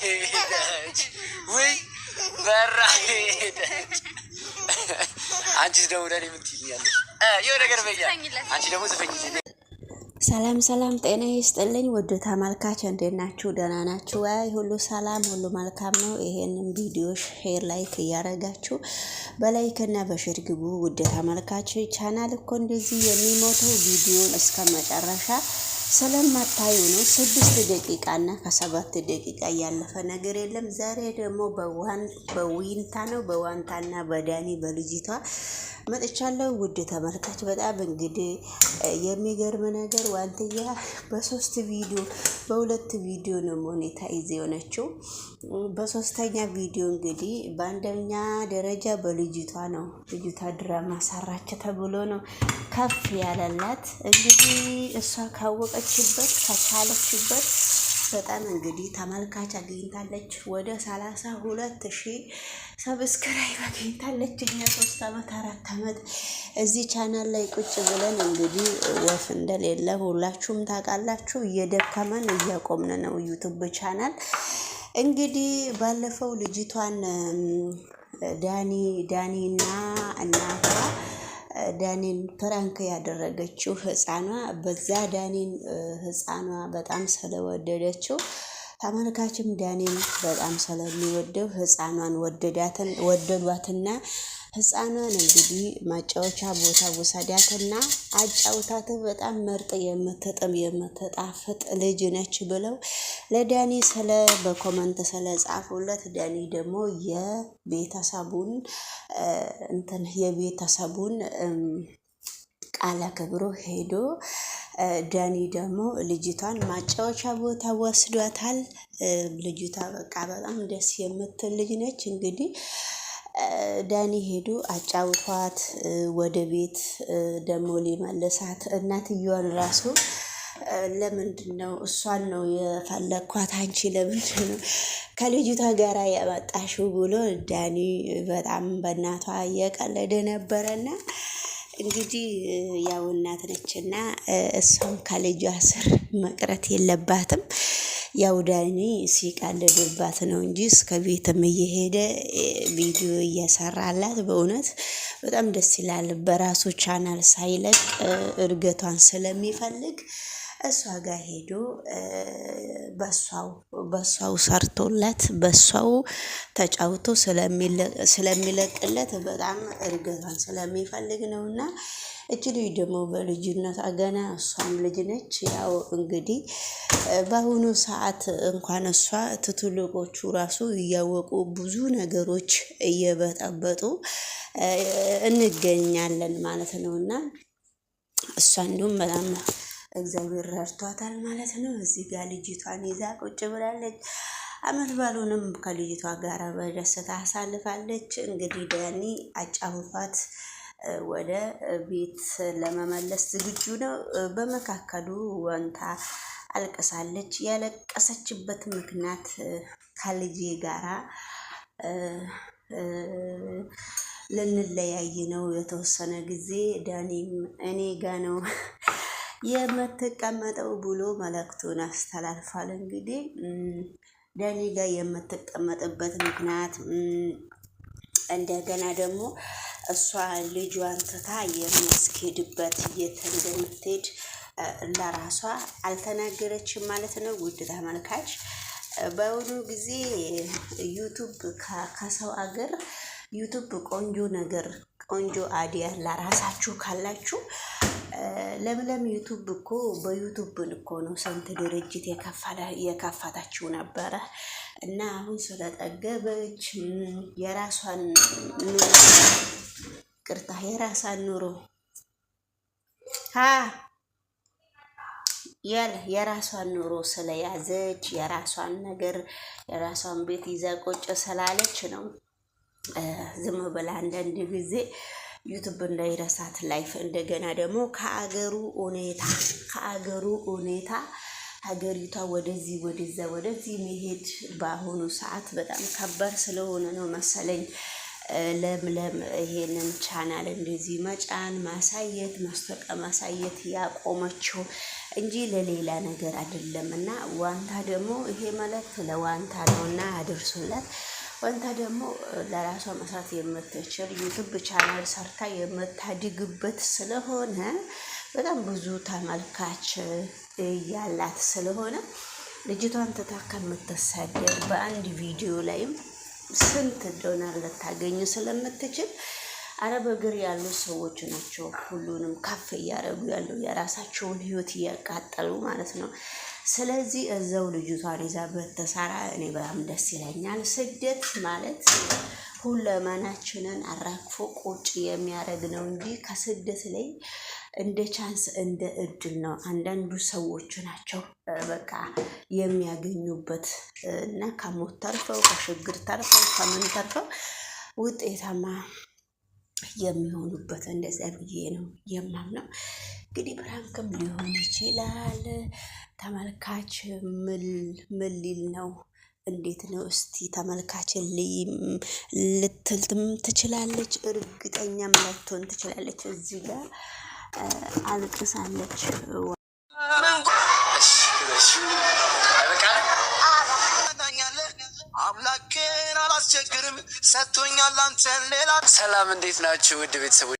ሄደች ወይ በራ ሄደች። አንቺስ ደግሞ ለኔ ምን ትይኛለሽ? ይኸው ነገር በያ አንቺ ደግሞ ዘፈኝ። ሰላም ሰላም፣ ጤና ይስጥልኝ ውድ ተመልካች፣ እንዴት ናችሁ? ደህና ናችሁ? አይ ሁሉ ሰላም፣ ሁሉ መልካም ነው። ይሄንን ቪዲዮ ሼር፣ ላይክ እያደረጋችሁ በላይክ እና በሼር ግቡ። ውድ ተመልካች፣ ቻናል እኮ እንደዚህ የሚሞተው ቪዲዮን እስከ መጨረሻ ስለማታዩ ነው። ስድስት ደቂቃ እና ከሰባት ደቂቃ ያለፈ ነገር የለም። ዛሬ ደግሞ በዊንታ ነው በዋንታና በዳኒ በልጅቷ መጥቻለሁ። ውድ ተመልካች በጣም እንግዲህ የሚገርም ነገር ዋንትያ በሶስት ቪዲዮ በሁለት ቪዲዮ ነው ይዘ የሆነችው። በሶስተኛ ቪዲዮ እንግዲህ በአንደኛ ደረጃ በልጅቷ ነው። ልጅቷ ድራማ ሰራች ተብሎ ነው ከፍ ያለላት። እንግዲህ እሷ ካወቀ ከቻለችበት ከቻለችበት በጣም እንግዲህ ተመልካች አግኝታለች። ወደ ሰላሳ ሁለት ሺህ ሰብስክራይብ አግኝታለች። እኛ ሶስት አመት አራት አመት እዚህ ቻናል ላይ ቁጭ ብለን እንግዲህ ወፍ እንደሌለ ሁላችሁም ታውቃላችሁ። እየደከመን እያቆምን ነው ዩቱብ ቻናል እንግዲህ ባለፈው ልጅቷን ዳኒ ዳኒና እናቷ ዳኒን ፕራንክ ያደረገችው ህፃኗ በዛ ዳኒን ህፃኗ በጣም ስለወደደችው ተመልካችም ዳኒን በጣም ስለሚወደው ህፃኗን ወደዷትና ህፃኗን እንግዲህ ማጫወቻ ቦታ ወሰዳትና አጫውታት በጣም መርጥ የምትጥም የምትጣፍጥ ልጅ ነች ብለው ለዳኒ ስለ በኮመንት ጻፉለት ዳኒ ደግሞ የቤተሰቡን እንትን የቤተሰቡን ቃል አክብሮ ሄዶ ዳኒ ደግሞ ልጅቷን ማጫወቻ ቦታ ወስዷታል። ልጅቷ በቃ በጣም ደስ የምትል ልጅ ነች እንግዲህ ዳኒ ሄዱ አጫውቷት ወደ ቤት ደግሞ ሊመልሳት እናትየዋን ራሱ ለምንድን ነው እሷን ነው የፈለግኳት አንቺ ለምንድን ነው ከልጅቷ ጋራ የመጣሽው ብሎ ዳኒ በጣም በእናቷ እየቀለደ ነበረና እንግዲህ ያው እናት ነችና እሷም ከልጇ ስር መቅረት የለባትም። ያው ዳኒ ሲቃለዱባት ነው እንጂ እስከ ቤትም እየሄደ ቪዲዮ እየሰራላት በእውነት በጣም ደስ ይላል። በራሱ ቻናል ሳይለቅ እድገቷን ስለሚፈልግ እሷ ጋር ሄዶ በሷው ሰርቶለት በሷው ተጫውቶ ስለሚለቅለት በጣም እድገቷን ስለሚፈልግ ነው እና። እች ልጅ ደግሞ በልጅነት አገና እሷም ልጅ ነች። ያው እንግዲህ በአሁኑ ሰዓት እንኳን እሷ ትትልቆቹ ራሱ እያወቁ ብዙ ነገሮች እየበጠበጡ እንገኛለን ማለት ነው እና እሷ እንዲሁም በጣም እግዚአብሔር ረድቷታል ማለት ነው። እዚህ ጋር ልጅቷን ይዛ ቁጭ ብላለች። አመት ባሉንም ከልጅቷ ጋር በደስታ አሳልፋለች። እንግዲህ ዳኒ አጫውቷት ወደ ቤት ለመመለስ ዝግጁ ነው። በመካከሉ ወንታ አልቅሳለች። ያለቀሰችበት ምክንያት ከልጄ ጋራ ልንለያይ ነው። የተወሰነ ጊዜ ዳኒም እኔ ጋ ነው የምትቀመጠው ብሎ መልእክቱን አስተላልፏል። እንግዲህ ዳኒ ጋ የምትቀመጥበት ምክንያት እንደገና ደግሞ እሷ ልጇን ትታ የምትሄድበት የት እንደምትሄድ ለራሷ አልተናገረችም ማለት ነው። ውድ ተመልካች በአሁኑ ጊዜ ዩቱብ ከሰው አገር ዩቱብ ቆንጆ ነገር ቆንጆ አዲያ ለራሳችሁ ካላችሁ ለምለም ዩቱብ እኮ በዩቱብ እኮ ነው ስንት ድርጅት የከፈታችሁ ነበረ እና አሁን ስለጠገበች የራሷን ቅርታ የራሳን ኑሮ ሀ የራሷን ኑሮ ስለያዘች የራሷን ነገር የራሷን ቤት ይዛ ቁጭ ስላለች ነው ዝም ብላ አንዳንድ ጊዜ ዩቱብ እንዳይረሳት ላይፍ። እንደገና ደግሞ ከአገሩ ሁኔታ ከአገሩ ሁኔታ ሀገሪቷ ወደዚህ ወደዛ ወደዚህ መሄድ በአሁኑ ሰዓት በጣም ከባድ ስለሆነ ነው መሰለኝ ለምለም ይሄንን ቻናል እንደዚህ መጫን ማሳየት ማስታወቂያ ማሳየት ያቆመችው እንጂ ለሌላ ነገር አይደለም። እና ዋንታ ደግሞ ይሄ መልእክት ለዋንታ ነው እና አድርሱላት። ዋንታ ደግሞ ለራሷ መስራት የምትችል ዩቱብ ቻናል ሰርታ የምታድግበት ስለሆነ በጣም ብዙ ተመልካች እያላት ስለሆነ ልጅቷን ትታ ከምትሰደድ በአንድ ቪዲዮ ላይም ስንት ዶናር ልታገኙ ስለምትችል አረብ እግር ያሉ ሰዎች ናቸው ሁሉንም ከፍ እያደረጉ ያለው የራሳቸውን ህይወት እያቃጠሉ ማለት ነው። ስለዚህ እዛው ልጅቷን ይዛ ብትሰራ እኔ በጣም ደስ ይለኛል። ስደት ማለት ሁለመናችንን አራግፎ ቁጭ የሚያደርግ ነው እንጂ ከስደት ላይ እንደ ቻንስ እንደ እድል ነው። አንዳንዱ ሰዎች ናቸው በቃ የሚያገኙበት እና ከሞት ተርፈው ከችግር ተርፈው ከምን ተርፈው ውጤታማ የሚሆኑበት እንደዚያ ብዬ ነው የማምነው። እንግዲህ ብራንክም ሊሆን ይችላል። ተመልካች ምን ሊል ነው? እንዴት ነው? እስቲ ተመልካችን ልትልትም ትችላለች፣ እርግጠኛም ላትሆን ትችላለች። እዚህ ጋር አልቅሳለች። አምላኬን አላስቸግርም ሰጥቶኛል አንተን ሌላ። ሰላም እንዴት ናችሁ ውድ ቤተሰቦች?